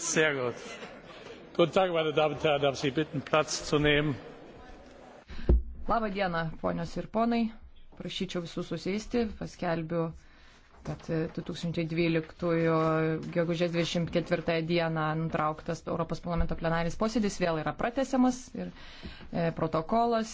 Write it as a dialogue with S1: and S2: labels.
S1: Sehr gut. Guten Tag, meine Damen und Herren, darf Sie bitten, Platz
S2: zu nehmen.
S3: Labą dieną, ponios ir ponai. Prašyčiau visus susėsti, paskelbiu, kad 2012 e, gegužės 24 dieną nutrauktas Europos parlamento plenarinis posėdis vėl yra pratesiamas
S4: ir e, protokolas